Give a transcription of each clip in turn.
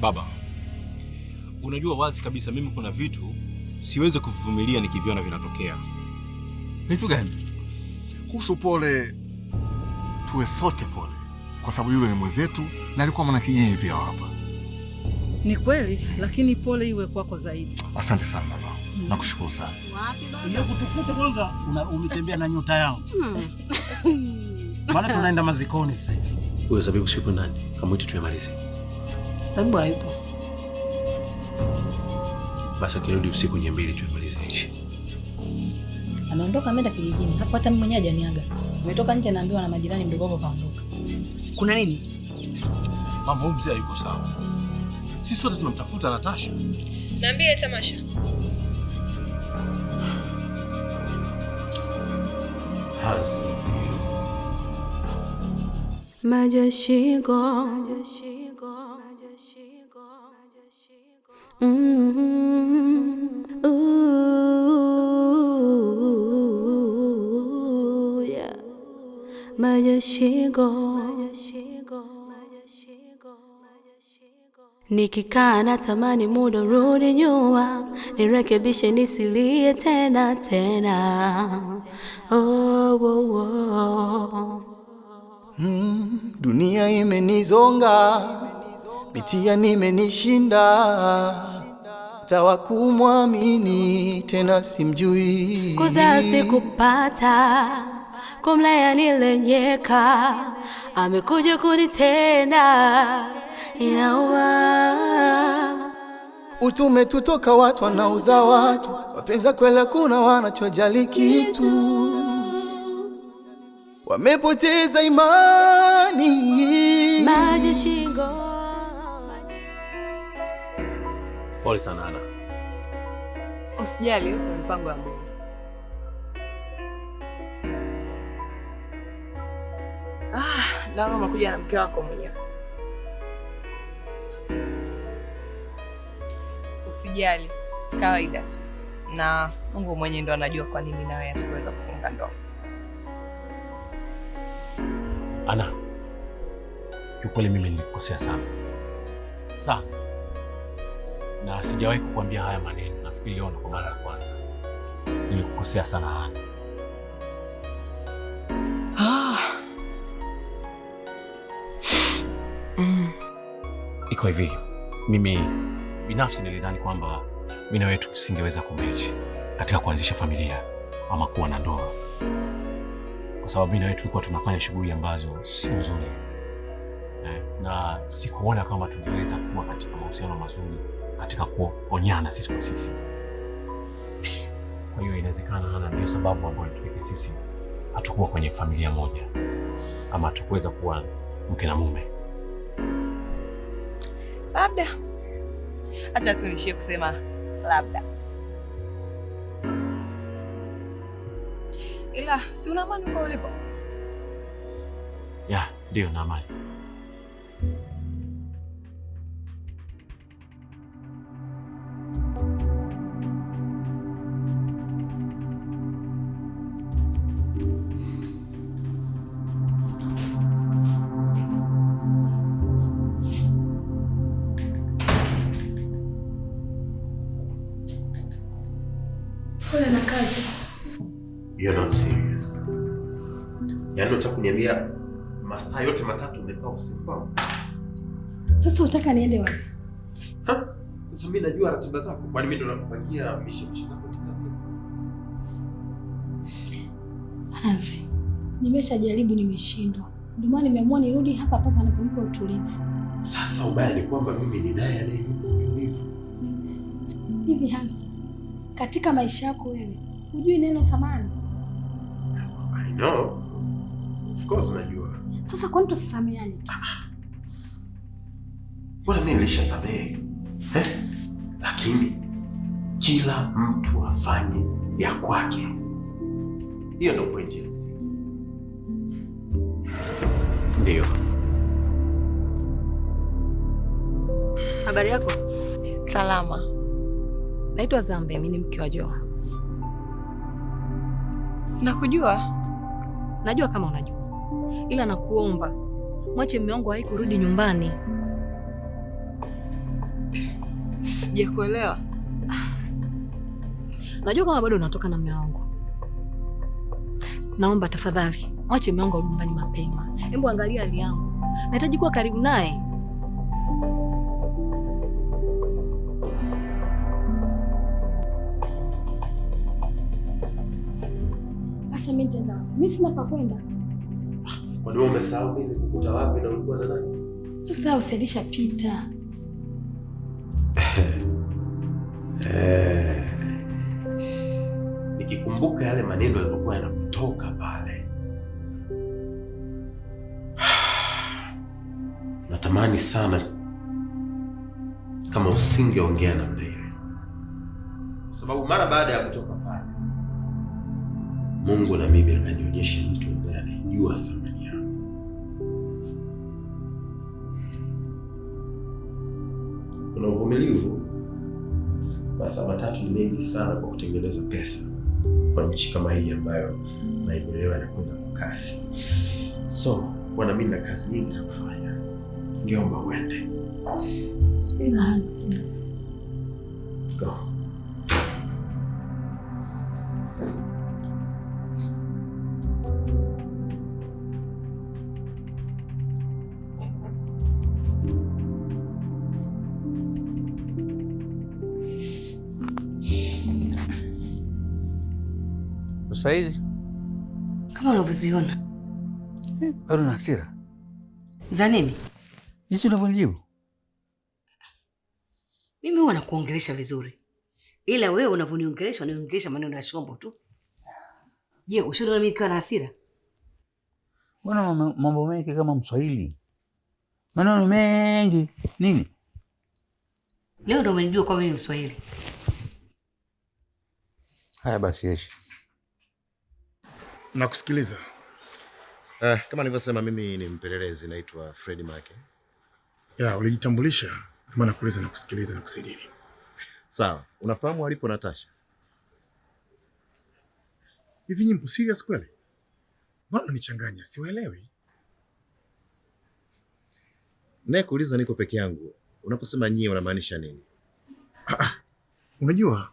Baba, unajua wazi kabisa mimi kuna vitu siwezi kuvumilia nikiviona vinatokea. Vitu gani? Kuhusu Pole, tuwe sote pole, kwa sababu yule ni mwenzetu na alikuwa mwana kijiji pia hapa. Ni kweli, lakini pole iwe kwako zaidi. Asante sana baba. Hmm. Nakushukuru sana. Wapi baba? Kutukuta kwanza umetembea na nyota yangu. Hmm. Maana tunaenda mazikoni sasa hivi. Huyo zabibu ndani. nani? Kamwite tuyamalize sababu hayupo. Basi akirudi usiku niambie, tumalize ishi. Ameondoka ameenda kijijini, halafu hata mimi mwenyewe hajaniaga. Ametoka nje, naambiwa na majirani, mdogo wako kaondoka. Kuna nini? Mambo mzee hayuko sawa, sisi sote tunamtafuta Natasha. Naambie tamasha Majeshigo. Majeshigo. nikikaa na tamani muda rudi nyuma nirekebishe nisilie tena tena. Oh, oh, oh. Mm, dunia imenizonga, mitia nimenishinda tawakumwamini tena simjui, kuzazi kupata kumlea nilenyeka, amekuja kunitenda inauma. Utume tutoka watu wanauza watu, wapenza kwela, kuna wanachojali kitu, wamepoteza imani maji shingo Pole sana Ana. Usijali, yote mpango wa Mungu. Ah, naona umekuja na mke wako mwenyewe. Usijali, kawaida tu, na Mungu mwenyewe ndo anajua kwa nini nawe hatukuweza kufunga ndoa. Ana, kiukweli mimi nilikukosea sana sana na sijawahi kukuambia haya maneno. Nafikiri leo ndo kwa mara ya kwanza. Nilikukosea sana Hana. Ah. Mm. Iko hivi, mimi binafsi nilidhani kwamba mimi na wewe tusingeweza kumechi katika kuanzisha familia ama kuwa na ndoa, kwa sababu mimi na wewe tulikuwa tunafanya shughuli ambazo si nzuri eh, na sikuona kama tungeweza kuwa katika mahusiano mazuri katika kuonyana sisi kwa sisi. Kwa hiyo inawezekana Hana ndio sababu ambayo inatupelekea sisi hatukuwa kwenye familia moja ama hatukuweza kuwa mke na mume. Labda acha tunishie kusema labda, ila si una amani kwa ulipo? Ya, ndio na amani. you're not serious. Yaani unataka kuniambia masaa yote matatu umekaa ofisini kwao? Sasa utaka niende wapi? Sasa mimi najua ratiba zako, kwani mimi ndo nakupangia mishimishi zako kila siku? Hansi, nimeshajaribu nimeshindwa, ndio maana nimeamua nirudi hapa papa anaponipa utulivu. Sasa ubaya ni kwamba mimi ni naye anayenipa utulivu. Hivi Hansi, katika maisha yako wewe hujui neno samani? I know. Of course najua. Sasa kwa nini tusisameheane tu? Ah, ah. Bwana mimi nilishasamehe. Eh? Lakini kila mtu afanye ya kwake. Hiyo ndio point ya msingi. Ndio. Habari yako? Salama. Naitwa Zambe, mimi ni mke wa Joa. Nakujua najua kama unajua, ila nakuomba mwache mume wangu awai kurudi nyumbani. Sijakuelewa. Najua kama bado unatoka na mume wangu, naomba tafadhali mwache mume wangu arudi nyumbani mapema. Hebu angalia hali yangu, nahitaji kuwa karibu naye. mimi sina pa kwenda. Kwa nini umesahau mimi kukuta wapi na ulikuwa na nani? Sasa pita. Eh. Nikikumbuka yale maneno yalivyokuwa yanakutoka pale. Natamani sana kama usingeongea namna ile, kwa sababu mara baada ya kutoka Mungu na mimi akanionyesha mtu ambaye anajua thamani yangu. Kuna uvumilivu. Masaa matatu ni mengi sana kwa kutengeneza pesa kwa nchi kama hii ambayo maendeleo yanakwenda kwa kasi. So bwana, mimi na kazi nyingi za kufanya, ngiomba uende. Go. Sasa hizi kama unavyoziona, bado eh, na hasira za nini? Jinsi unavyonijibu mimi, huwa nakuongelesha vizuri, ila wewe unavyoniongelesha, unaniongelesha maneno ya shombo tu. Je, ushaona mimi nikiwa na hasira? Mbona mambo mengi kama Mswahili, maneno mengi nini? Leo ndo umenijua kwa mimi Mswahili. Haya basi, Yeshi Nakusikiliza. Eh, kama nilivyosema mimi ni mpelelezi naitwa Fred Make. Ya, ulijitambulisha kama nakuuliza na kusikiliza na kusaidia. Sawa. Unafahamu alipo Natasha? Hivi ni mpo serious kweli? Mbona unanichanganya? Siwaelewi. Naye kuuliza niko peke yangu. Unaposema nyie unamaanisha nini? Ah, ah. unajua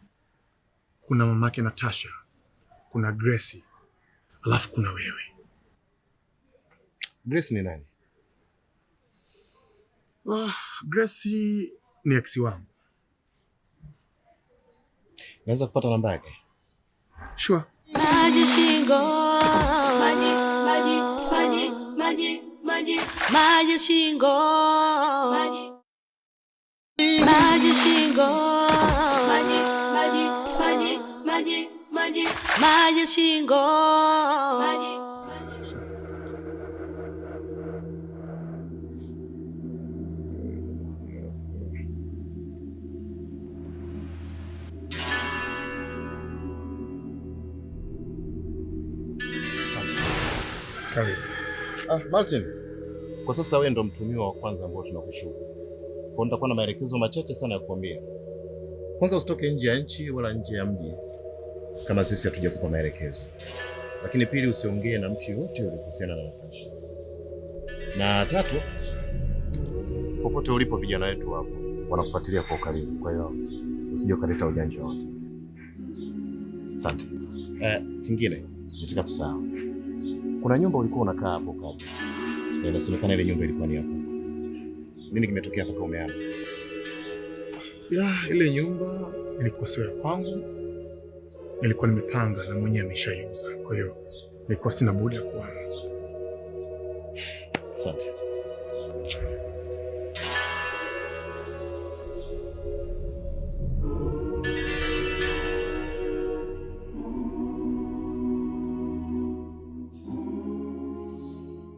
kuna mamake Natasha, kuna Gracie alafu kuna wewe. Grace ni nani? Oh, Grace ni ex wangu. Naweza kupata namba yake? Sure. Maji shingo, maji, maji, maji, maji, maji, maji shingo, maji, maji shingo, maji maji maji shingo maji. Ah, Martin, kwa sasa wewe ndo mtumiwa wa kwanza ambao tunakushuku. Kwa nitakuwa na maelekezo machache sana ya kukwambia. Kwanza usitoke nje ya nchi wala nje ya mji kama sisi hatujakupa maelekezo. Lakini pili, usiongee na mtu yoyote yule kuhusiana na Natasha. Na tatu, popote ulipo, vijana wetu hapo wanakufuatilia kwa ukaribu, kwa hiyo usije ukaleta ujanja wote. Asante. Eh, kingine nataka kusahau, kuna nyumba ulikuwa unakaa hapo kabla, na inasemekana ile nyumba ilikuwa ni yako. Nini kimetokea mpaka umeama? Ya, ile nyumba ilikuwa sio ya kwangu nilikuwa nimepanga na mwenyewe ameshaiuza, kwa hiyo nilikuwa sina budi ya Asante.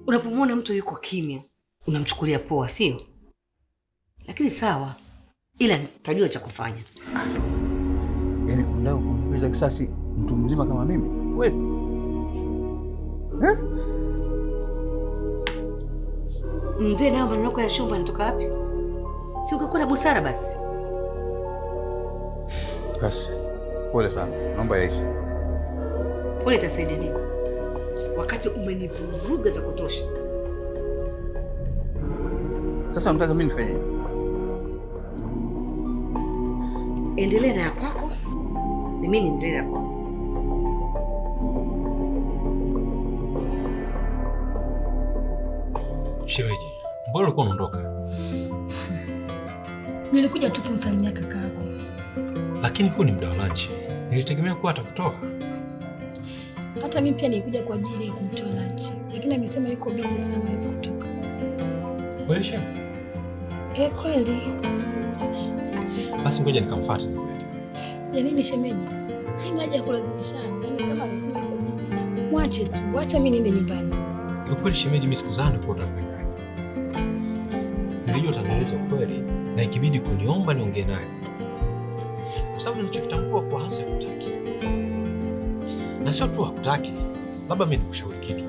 Unapomwona mtu yuko kimya unamchukulia poa, sio? Lakini sawa, ila nitajua cha kufanya. Yaani, unao kulipiza kisasi mtu mzima kama mimi wewe eh? Mzee, nayo maneno yako ya shumba yanatoka wapi? Si ungekuwa na busara basi. Basi pole sana, naomba yaishi. Pole itasaidia nini wakati umenivuruga vya kutosha? Sasa unataka mimi nifanye? Endelea na ya kwako mimi niendelee na kwangu. Shemeji, mbona ulikuwa unaondoka? Nilikuja tu kumsalimia kaka Lakini huu ni muda wa lunch. Nilitegemea kuwa atakutoa. Hata mi pia nilikuja kwa ajili ya kumtoa lunch, lakini amesema yuko busy sana, hawezi kutoka. Kweli shema? Eh, kweli. Basi ngoja nikamfuate. Ya nini shemeji? Haina haja ya kulazimishana. Yaani kama lazima iko bizi. Mwache tu. Wacha mimi niende nyumbani. Kwa kweli shemeji, mimi sikuzani kwa utakwenda. Nilijua utanieleza ukweli na ikibidi kuniomba niongee naye. Kwa sababu nilichokitambua kwa hasa hakutaki. Na sio tu hakutaki, labda mimi nikushauri kitu.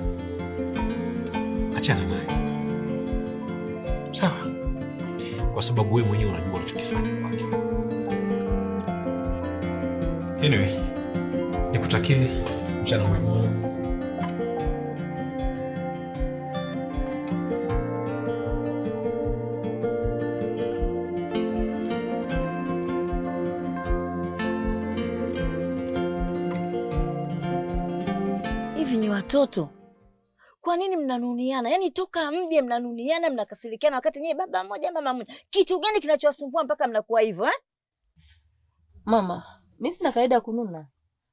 Achana naye. Sawa? Kwa sababu wewe mwenyewe unajua unachokifanya. Anyway, nikutakie mchana mwema. Hivi ni watoto, kwa nini mnanuniana? Yaani toka mje mnanuniana, mnakasirikiana, wakati niye baba mmoja mama mmoja. Kitu gani kinachowasumbua mpaka mnakuwa hivyo eh? Mama mimi sina kawaida ya kununa.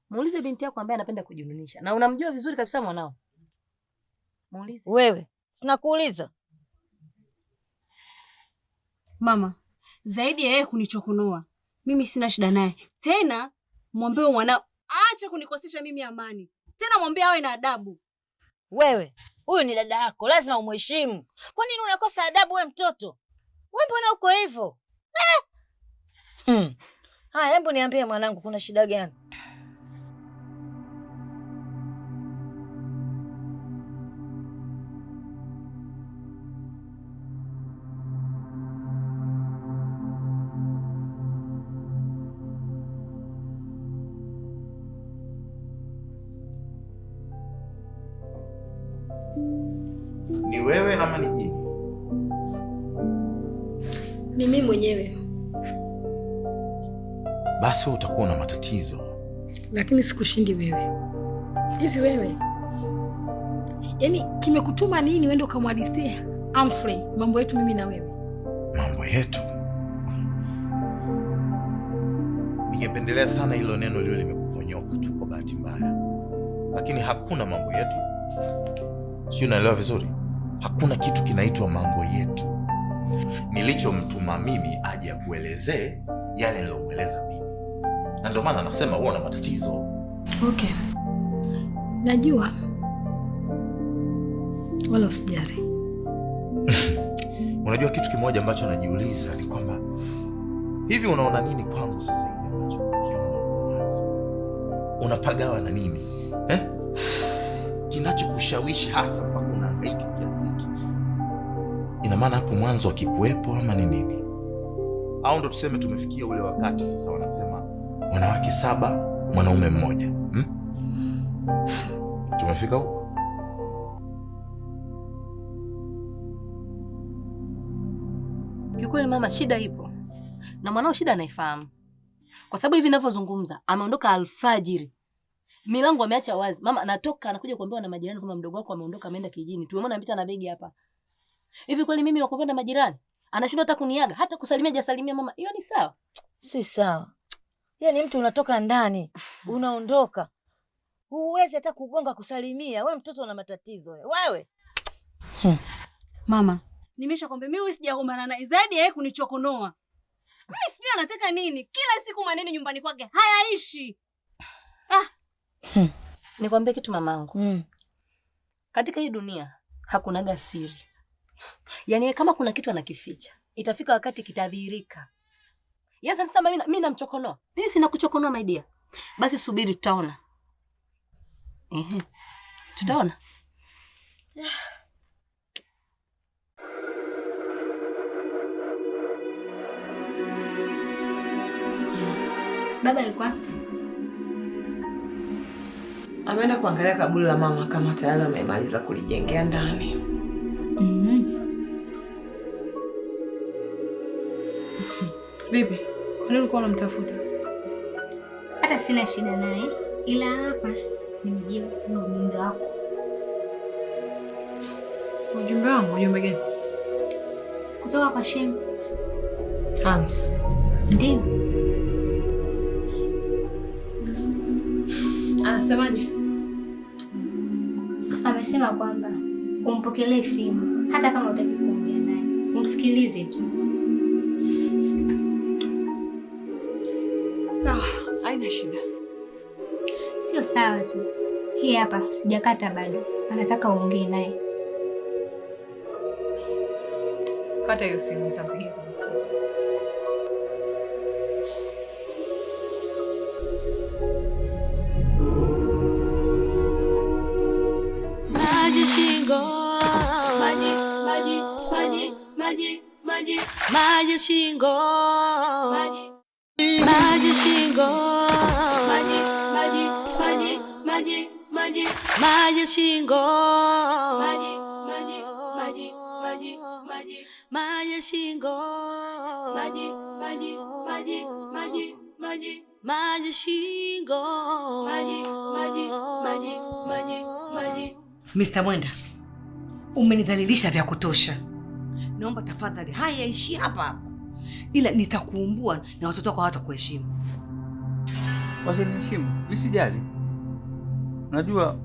Muulize binti yako ambaye anapenda kujinunisha na unamjua vizuri kabisa mwanao. Muulize. Wewe, sina kuuliza. Mama, zaidi ya yeye kunichokonoa, mimi sina shida naye. Tena mwambie mwanao acha kunikosesha mimi amani. Tena mwambie awe na adabu. Wewe, huyu ni dada yako, lazima umheshimu. Kwa nini unakosa adabu we mtoto? Wewe mbona uko hivyo? Eh. Mm. Haya, hebu niambie mwanangu, kuna shida gani? lakini sikushindi wewe. Hivi wewe, yaani kimekutuma nini uende ukamwadisia Humphrey mambo yetu mimi na wewe? Mambo yetu? Ningependelea sana hilo neno liwe limekuponyoka tu kwa bahati mbaya, lakini hakuna mambo yetu. Si unaelewa vizuri? Hakuna kitu kinaitwa mambo yetu. Nilichomtuma mimi aje akuelezee yale nilomweleza mimi na ndio maana anasema huwa na matatizo. Okay, najua, wala usijari Unajua kitu kimoja ambacho najiuliza ni kwamba hivi unaona nini kwangu sasa hivi ambacho unapagawa na nini eh? Kinachokushawishi hasa mpaka unahangaika kiasi hiki? Ina maana hapo mwanzo akikuwepo ama ni nini? Au ndo tuseme tumefikia ule wakati sasa wanasema wanawake saba mwanaume mmoja hmm? tumefika huko kiukweli. Mama, shida ipo na mwanao, shida anaifahamu kwa sababu hivi ninavyozungumza ameondoka alfajiri, milango ameacha wazi. Mama anatoka anakuja kuambiwa na majirani kwamba mdogo wako ameondoka, ameenda kijijini. Tumemwona mpita na begi hapa. Hivi kweli mimi wakuambia na majirani, anashindwa hata kuniaga, hata kusalimia, jasalimia. Mama, hiyo ni sawa? Si sawa. Yaani mtu unatoka ndani unaondoka, huwezi hata kugonga kusalimia. We mtoto una matatizo wewe. Hmm. Mama, nimeshakwambia mimi sijagombana na zaidi yeye kunichokonoa mimi. Sijui anataka nini, kila siku maneno nyumbani kwake hayaishi. Ah. Hmm. Nikwambie kitu mamangu. Hmm. Katika hii dunia hakunaga siri, yaani kama kuna kitu anakificha itafika wakati kitadhihirika. Yes, sasa mimi namchokonoa. Mimi sina kuchokonoa my dear. Basi subiri tutaona. Ehe. Tutaona. Baba yuko wapi? Ameenda kuangalia kaburi la mama kama tayari amemaliza kulijengea ndani. Mm -hmm. Bibi. Kwa nini ulikuwa unamtafuta? Hata sina shida naye, ila hapa nimjibu ujumbe wako. Ujumbe wangu? Ujumbe gani? Kutoka kwa Shem. Hans. Ndio. Anasemaje? Amesema kwamba umpokelee simu hata kama utaki kuongea naye, umsikilize tu. sawa tu. Hii hapa sijakata bado, anataka uongee naye. Kata hiyo simu, nitampigia Maji shingo, maji, maji, maji, maji, maji, maji shingo, maji shingo maji shingo, maji, maji, maji, maji, maji, maji shingo, maji, maji, maji, maji, maji, maji shingo, maji, maji, maji, maji, maji. Mr. Mwenda, umenidhalilisha vya kutosha. Naomba tafadhali, haya yaishie hapa hapa, ila nitakuumbua na watoto wako hawatakuheshimu. Wacha nisijali, Najua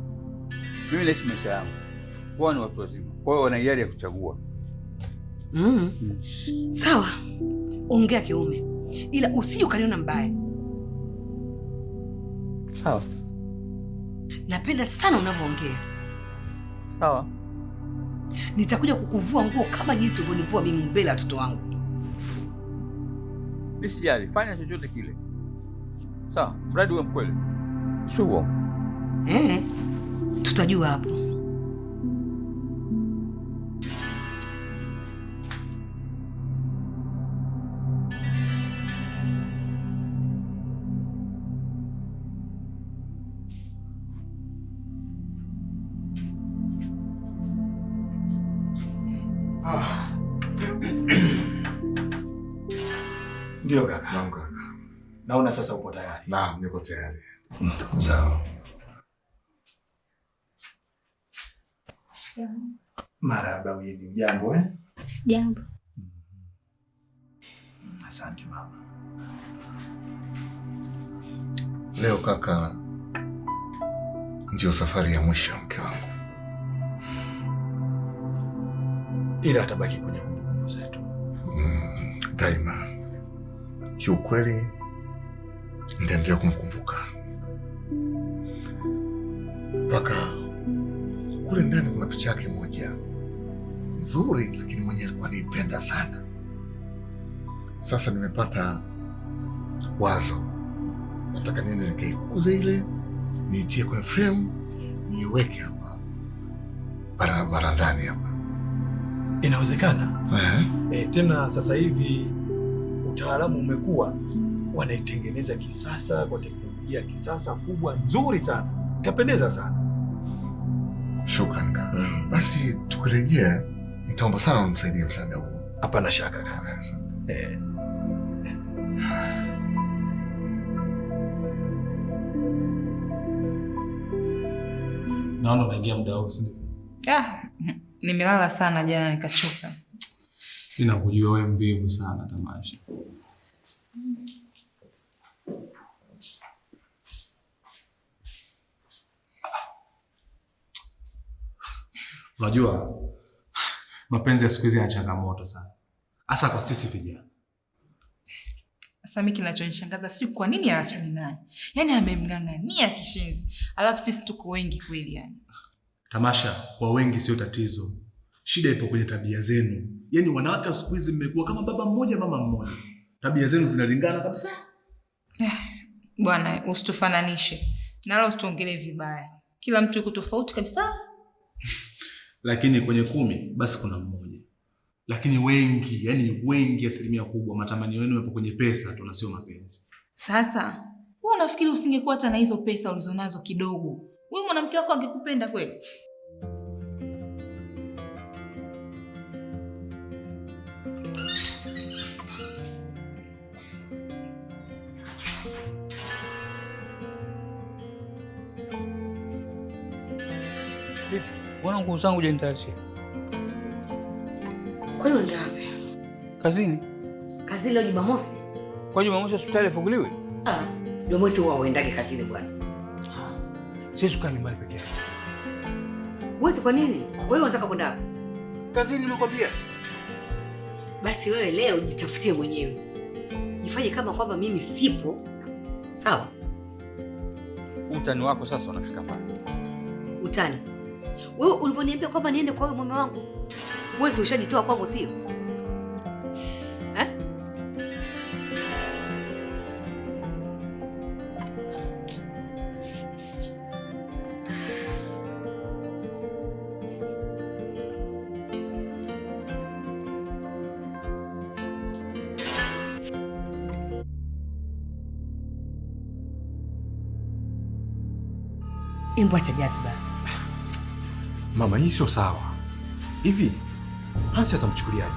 mimi naishi maisha yangu, kwa ni watu wazima, kwa hiyo wana hiari ya kuchagua. Mm. Mm. Sawa, ongea kiume, ila usije ukaniona mbaya. Sawa, napenda sana unavyoongea. Sawa, nitakuja kukuvua nguo kama jinsi ulivyonivua mimi mbele ya watoto wangu. Nisijali, fanya chochote kile, sawa, mradi uwe mkweli, sio uongo. Eh utajua hapo. Ah. Ndio kaka. Naam kaka. Naona sasa uko tayari. Naam, niko tayari. Sawa. Marahaba wili, ujambo eh? Sijambo. Mm-hmm. Asante mama. Leo kaka, ndio safari ya mwisho mke wangu, ila atabaki kwenye kumbukumbu zetu mm, daima. Kiukweli nitaendelea kumkumbuka mpaka nzuri, lakini mwenyewe alikuwa anaipenda sana. Sasa nimepata wazo, nataka niende nikaikuze ile, niitie kwenye fremu, niiweke hapa barandani hapa. Inawezekana e, tena sasa hivi utaalamu umekuwa wanaitengeneza kisasa kwa teknolojia ya kisasa kubwa nzuri sana, itapendeza sana. Mm. Basi tukirejea Nitaomba sana unisaidie msaada huo. Hapana shaka kaka. Eh. Naona unaingia muda huu sio? Ah, nimelala sana jana nikachoka. Ninakujua wewe mbivu sana Tamasha. Unajua mapenzi ya siku hizi yana changamoto sana, hasa kwa sisi vijana. Sasa mimi kinachonishangaza si kwa nini aachane naye, yaani amemng'ang'ania kishenzi, alafu sisi tuko wengi kweli. Yani tamasha kwa wengi sio tatizo, shida ipo kwenye tabia zenu. Yaani wanawake wa siku hizi mmekuwa kama baba mmoja mama mmoja, tabia zenu zinalingana kabisa. Eh, bwana, usitufananishe nalo, usituongelee vibaya, kila mtu yuko tofauti kabisa lakini kwenye kumi basi kuna mmoja. Lakini wengi, yani wengi, asilimia kubwa, matamanio yenu yapo kwenye pesa tu na sio mapenzi. Sasa wewe unafikiri usingekuwa hata na hizo pesa ulizonazo kidogo, huyu mwanamke wako angekupenda kweli? Mbona nguo zangu janitayarishia? Kwani unaenda wapi? Kazini. Kazini leo Jumamosi? Kwa Jumamosi hospitali ifunguliwe? Ah, Jumamosi huwa uendage kazini bwana. Sisi tukaa nyumbani peke yake. Wewe kwa nini? Wewe unataka kwenda wapi? Kazini nimekwambia. Basi wewe leo jitafutie mwenyewe, jifanye kama kwamba mimi sipo, sawa? Utani wako sasa unafika pale. Utani wewe ulivyoniambia kwamba niende kwa huyo mume wangu, mwezi ushajitoa kwangu, sio? Eh? Imbwa cha jazba Mama, hii sio sawa. Hivi Hansi atamchukuliaje?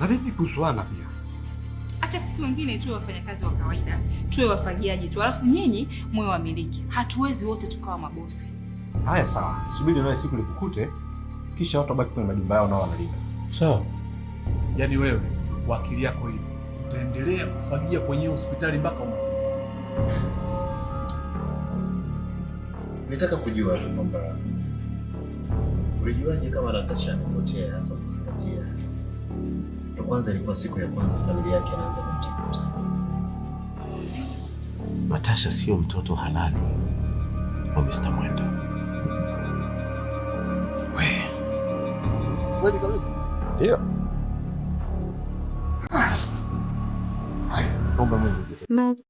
Na vipi kuhusu Ana pia? Acha sisi wengine tuwe wafanyakazi wa kawaida, tuwe wafagiaji tu, alafu nyinyi mwe wamiliki. Hatuwezi wote tukawa mabosi. Haya, sawa, subiri nawe siku likukute, kisha watu wabaki kwenye majumba yao nao wanalinda. Sawa. Yaani wewe wakili yako hiyo utaendelea kufagia kwenye hospitali mpaka unakufa. Nitaka kujua tu kwamba Ulijuaje kama Natasha amepotea hasa ukizingatia? Ya kwanza ilikuwa siku ya kwanza familia yake anaanza kumtafuta. Natasha sio mtoto halali wa Mr. Mwenda. We. Kweli kabisa. Ndio. Hai, Mungu.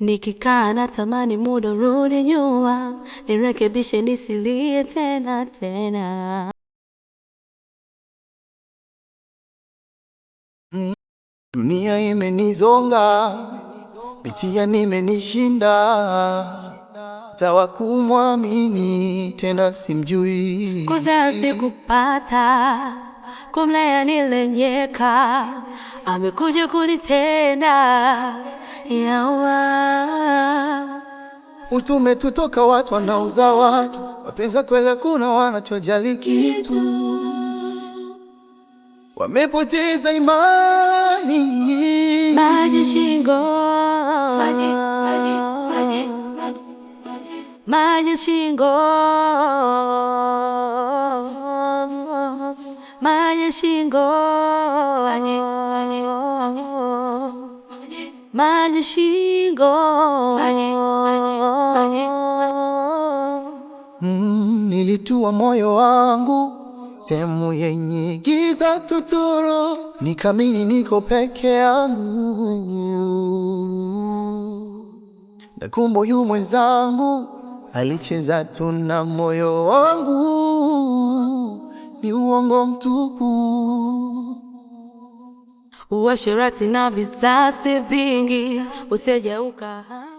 Nikikaa tamani muda rudi nyuma, nirekebishe nisilie tena tena. Mm. Dunia imenizonga, mitia nimenishinda tawa kumwamini tena simjui, kuzazi kupata kumla yanilenyeka, amekuja kunitenda yawa utume tutoka watu wanauza watu wapenza kwela, kuna wanachojali kitu, wamepoteza imani maji shingo, maji, maji, maji, maji, maji shingo shingo, maji shingo. Mm, nilitua moyo wangu sehemu yenye giza tuturu, nikamini niko peke yangu, na kumbo yu mwenzangu alicheza tu na moyo wangu ni uongo mtupu. Uasherati na vizazi vingi usijeuka